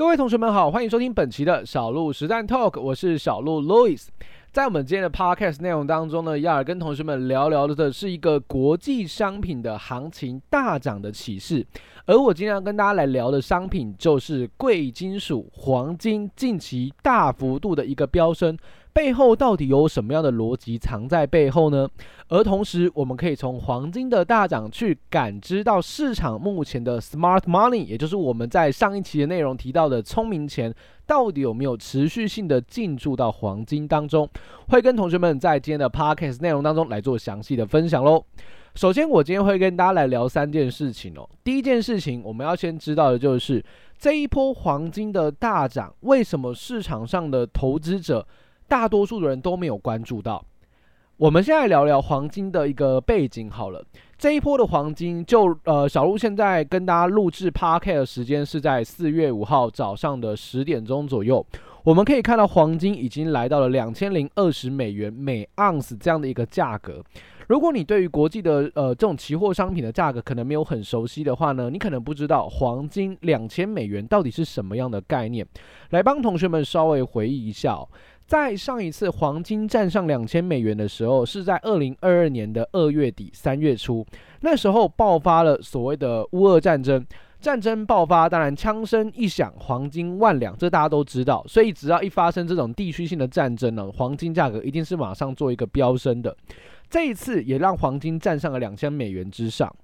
各位同學們好，歡迎收聽本期的小鹿實戰 Talk，我是小鹿 Louis。在我們今天的 Podcast 內容當中呢，要跟同學們聊聊的是一個國際商品的行情大漲的啟示，而我今天要跟大家來聊的商品就是貴金屬黃金，近期大幅度的一個飆升。背後到底有什麼樣的邏輯藏在背後呢？而同時，我們可以從黃金的大漲去感知到市場目前的 smart money，也就是我們在上一期的內容提到的聰明錢，到底有沒有持續性的進駐到黃金當中？會跟同學們在今天的 podcast 內容當中來做詳細的分享嘍。首先，我今天會跟大家來聊三件事情哦。第一件事情，我們要先知道的就是這一波黃金的大漲，為什麼市場上的投資者大多數的人都沒有關注到。我們現在聊聊黃金的一個背景好了。這一波的黃金就，就呃，小鹿現在跟大家錄制 podcast 的時間是在四月五號早上的十點鐘左右。我們可以看到，黃金已經來到了兩千零二十美元每盎司這樣的一個價格。如果你對於國際的呃這種期貨商品的價格可能沒有很熟悉的話呢，你可能不知道黃金兩千美元到底是什麼樣的概念。來幫同學們稍微回憶一下，哦。在上一次黃金站上兩千美元的時候，是在二零二二年的二月底三月初，那時候爆發了所謂的烏俄戰爭。戰爭爆發，當然槍聲一響，黃金萬兩，這大家都知道。所以只要一發生這種地區性的戰爭呢，黃金價格一定是馬上做一個飆升的。這一次也讓黃金站上了兩千美元之上。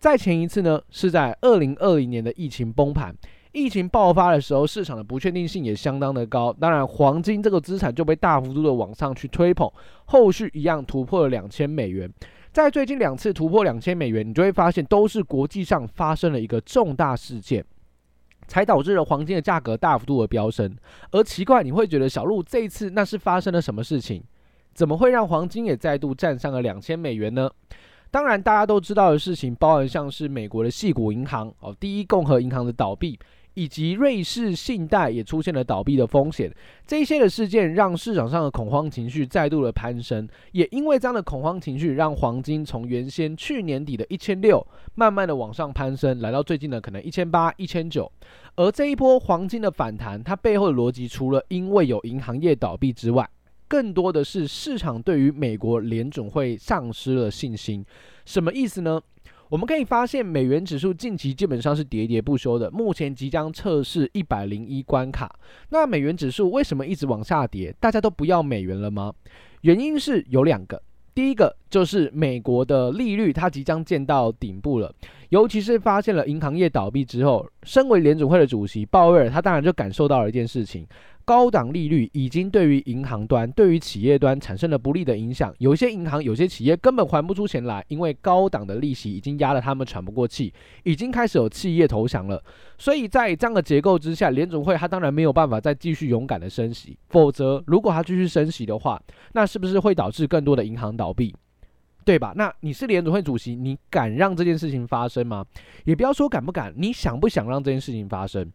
再前一次呢，是在二零二零年的疫情崩盤。疫情爆發的時候，市場的不確定性也相當的高。當然，黃金這個資產就被大幅度的往上去推捧，後續一樣突破了兩千美元。在最近兩次突破兩千美元，你就會發現都是國際上發生了一個重大事件，才導致了黃金的價格大幅度的飆升。而奇怪，你會覺得小鹿這一次那是發生了什麼事情？怎麼會讓黃金也再度站上了兩千美元呢？當然，大家都知道的事情，包含像是美國的矽谷銀行哦，第一共和銀行的倒閉。以及瑞士信貸也出現了倒閉的風險，這一些的事件讓市場上的恐慌情緒再度的攀升，也因為這樣的恐慌情緒，讓黃金從原先去年底的一千六慢慢的往上攀升，來到最近的可能一千八、一千九。而這一波黃金的反彈，它背後的邏輯除了因為有銀行業倒閉之外，更多的是市場對於美國聯準會喪失了信心。什麼意思呢？我們可以發現，美元指數近期基本上是跌跌不休的。目前即將測試一百零一關卡。那美元指數為什麼一直往下跌？大家都不要美元了嗎？原因是有兩個，第一個就是美國的利率它即將見到頂部了，尤其是發現了銀行業倒閉之後，身為聯儲會的主席鮑威爾，他當然就感受到了一件事情。高檔利率已經對於銀行端、對於企業端產生了不利的影響。有些銀行、有些企業根本還不出錢來，因為高檔的利息已經壓得他們喘不過氣，已經開始有企業投降了。所以在這樣的結構之下，聯準會他當然沒有辦法再繼續勇敢的升息，否則如果他繼續升息的話，那是不是會導致更多的銀行倒閉？對吧？那你是聯準會主席，你敢讓這件事情發生嗎？也不要說敢不敢，你想不想讓這件事情發生？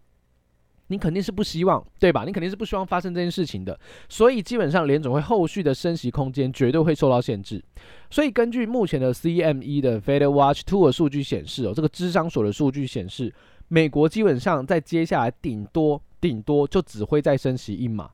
你肯定是不希望，對吧？你肯定是不希望發生這件事情的，所以基本上聯準會後續的升息空間絕對會受到限制。所以根據目前的 CME 的 FedWatch Tool 的數據顯示哦，這個芝商所的數據顯示，美國基本上在接下來頂多頂多就只會再升息一碼，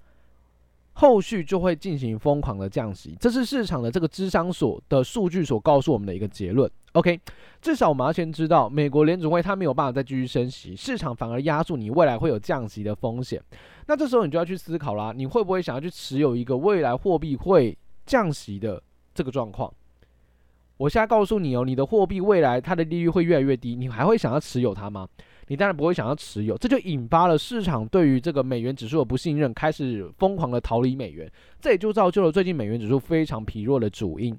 後續就會進行瘋狂的降息。這是市場的這個芝商所的數據所告訴我們的一個結論。OK，至少我們要先知道美國聯儲會它沒有辦法再繼續升息，市場反而壓住你未來會有降息的風險。那這時候你就要去思考啦，你會不會想要去持有一個未來貨幣會降息的這個狀況？我現在告訴你哦，你的貨幣未來它的利率會越來越低，你還會想要持有它嗎？你當然不會想要持有，這就引發了市場對於這個美元指數的不信任，開始瘋狂的逃離美元。這也就造就了最近美元指數非常疲弱的主因。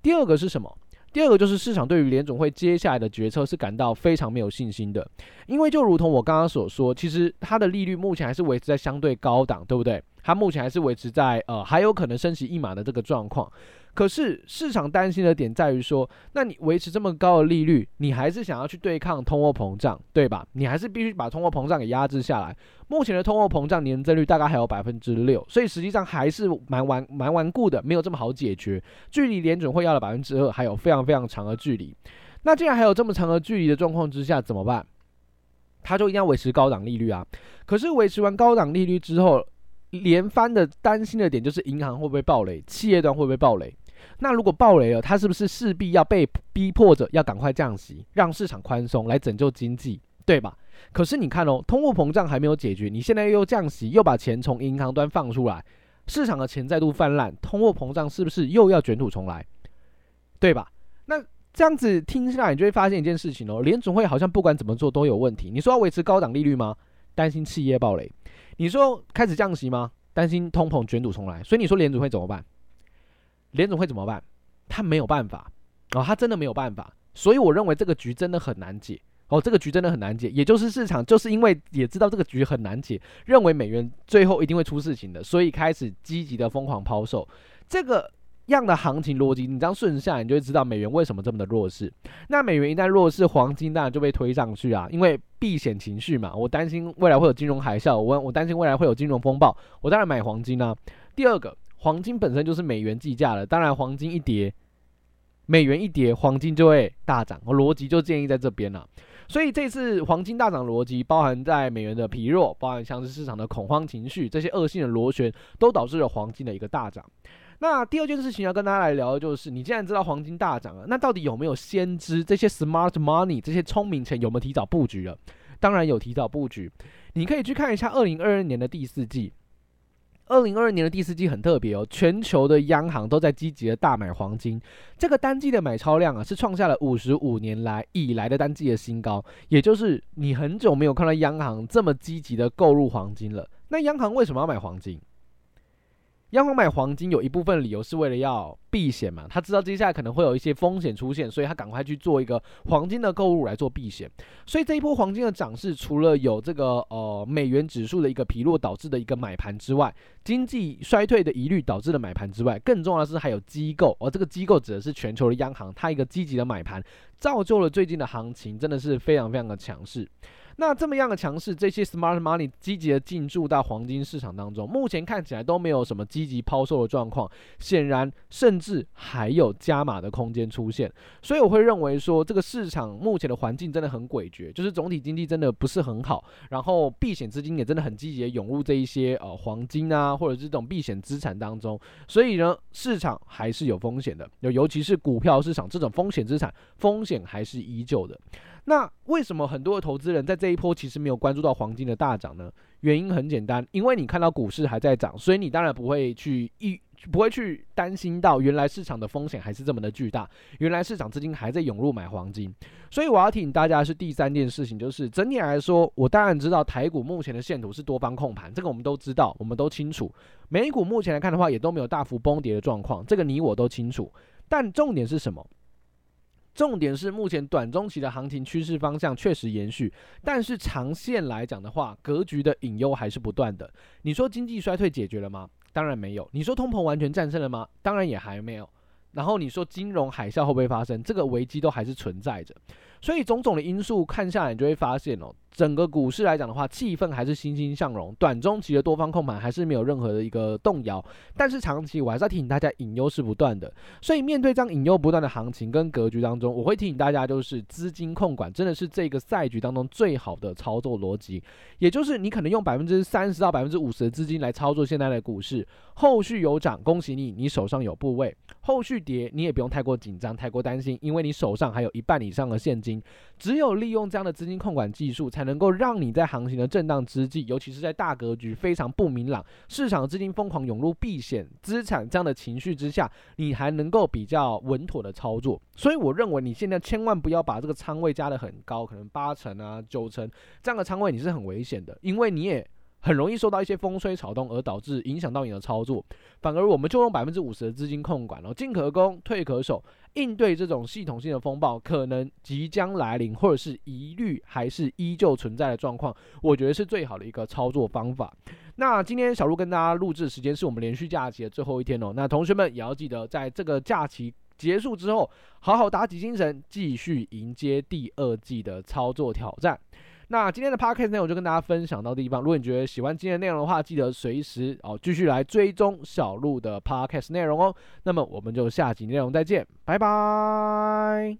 第二個是什麼？第二個就是市場對於聯準會接下來的決策是感到非常沒有信心的，因為就如同我剛剛所說，其實它的利率目前還是維持在相對高檔，對不對？它目前還是維持在呃還有可能升息一碼的這個狀況。可是市場擔心的點在於說，那你維持這麼高的利率，你還是想要去對抗通貨膨脹，對吧？你還是必須把通貨膨脹給壓制下來。目前的通貨膨脹年增率大概還有百分之六，所以實際上還是蠻頑蠻頑固的，沒有這麼好解決。距離聯準會要的百分之二還有非常非常長的距離。那既然還有這麼長的距離的狀況之下，怎麼辦？它就一定要維持高檔利率啊。可是維持完高檔利率之後，連番的擔心的點就是銀行會不會暴雷，企業端會不會暴雷？那如果暴雷了，他是不是勢必要被逼迫着要趕快降息，讓市場寬鬆來拯救經濟，對吧？可是你看哦，通貨膨脹還沒有解決，你現在又降息，又把錢從銀行端放出來，市場的錢再度氾濫，通貨膨脹是不是又要捲土重來，對吧？那這樣子聽下來，你就會發現一件事情哦，聯準會好像不管怎麼做都有問題。你說要維持高檔利率嗎？擔心企業暴雷。你說開始降息嗎？擔心通膨捲土重來。所以你說聯準會怎麼辦？聯準會怎麼辦？他沒有辦法，哦，他真的沒有辦法。所以我認為這個局真的很難解，哦，這個局真的很難解。也就是市場就是因為也知道這個局很難解，認為美元最後一定會出事情的，所以開始積極的瘋狂拋售。這個樣的行情邏輯，你這樣順下來，你就會知道美元為什麼這麼的弱勢。那美元一旦弱勢，黃金當然就被推上去啊，因為避險情緒嘛。我擔心未來會有金融海嘯，我我擔心未來會有金融風暴，我當然買黃金呢、啊。第二個。黃金本身就是美元計價的，當然黃金一跌，美元一跌，黃金就會大漲。邏輯就建立在這邊了啊，所以這次黃金大漲邏輯包含在美元的疲弱，包含像是市場的恐慌情緒，這些惡性的螺旋都導致了黃金的一個大漲。那第二件事情要跟大家來聊的就是，你既然知道黃金大漲了，那到底有沒有先知這些 smart money 這些聰明錢有沒有提早布局了？當然有提早布局，你可以去看一下二零二二年的第四季。二零二二年的第四季很特別哦，全球的央行都在積極的大買黃金，這個單季的買超量啊，是創下了五十五年來以來的單季的新高，也就是你很久沒有看到央行這麼積極的購入黃金了。那央行為什麼要買黃金？央行買黃金有一部分理由是為了要避險嘛，他知道接下來可能會有一些風險出現，所以他趕快去做一個黃金的購入來做避險。所以這一波黃金的漲勢，除了有這個呃美元指數的一個疲弱導致的一個買盤之外，經濟衰退的疑慮導致的買盤之外，更重要的是還有機構，而、哦、這個機構指的是全球的央行，它一個積極的買盤，造就了最近的行情，真的是非常非常的強勢。那這麼樣的強勢，這些 smart money 積極的進駐到黃金市場當中，目前看起來都沒有什麼積極拋售的狀況，顯然甚至還有加碼的空間出現。所以我會認為說，這個市場目前的環境真的很詭譎，就是總體經濟真的不是很好，然後避險資金也真的很積極的湧入這一些呃黃金啊，或者是這種避險資產當中。所以呢，市場還是有風險的，尤其是股票市場這種風險資產，風險還是依舊的。那為什麼很多的投資人在這一波其實沒有關注到黃金的大漲呢？原因很簡單，因為你看到股市還在漲，所以你當然不會去一不會去擔心到原來市場的風險還是這麼的巨大，原來市場資金還在湧入買黃金。所以我要提醒大家的是第三件事情，就是整體來說，我當然知道台股目前的線圖是多方控盤，這個我們都知道，我們都清楚。美股目前來看的話，也都沒有大幅崩跌的狀況，這個你我都清楚。但重點是什麼？重點是，目前短中期的行情趨勢方向確實延續，但是長線來講的話，格局的隱憂還是不斷的。你說經濟衰退解決了嗎？當然沒有。你說通膨完全戰勝了嗎？當然也還沒有。然後你說金融海嘯會不會發生？這個危機都還是存在着。所以種種的因素看下來，你就會發現哦，整個股市來講的話，氣氛還是欣欣向榮，短中期的多方控盤還是沒有任何的一個動搖。但是長期我還是要提醒大家，隱憂是不斷的。所以面對這樣隱憂不斷的行情跟格局當中，我會提醒大家，就是資金控管真的是這個賽局當中最好的操作邏輯。也就是你可能用百分之三十到百分之五十的資金來操作現在的股市，後續有漲恭喜你，你手上有部位；後續跌你也不用太過緊張、太過擔心，因為你手上還有一半以上的現金。只有利用這樣的資金控管技術，才能夠讓你在行情的震盪之際，尤其是在大格局非常不明朗、市場資金瘋狂湧入避險資產這樣的情緒之下，你還能夠比較穩妥的操作。所以，我認為你現在千萬不要把這個倉位加得很高，可能八成啊、九成這樣的倉位你是很危險的，因為你也，很容易受到一些風吹草動而導致影響到你的操作，反而我們就用百分之五十的資金控管，然後進可攻，退可守，應對這種系統性的風暴可能即將來臨，或者是疑慮還是依舊存在的狀況，我覺得是最好的一個操作方法。那今天小鹿跟大家錄製時間是我們連續假期的最後一天哦，那同學們也要記得在這個假期結束之後，好好打起精神，繼續迎接第二季的操作挑戰。那今天的 podcast 內容就跟大家分享到地方，如果你覺得喜歡今天的內容的話，記得隨時哦繼續來追蹤小鹿的 podcast 內容哦。那麼我們就下集內容再見，拜拜。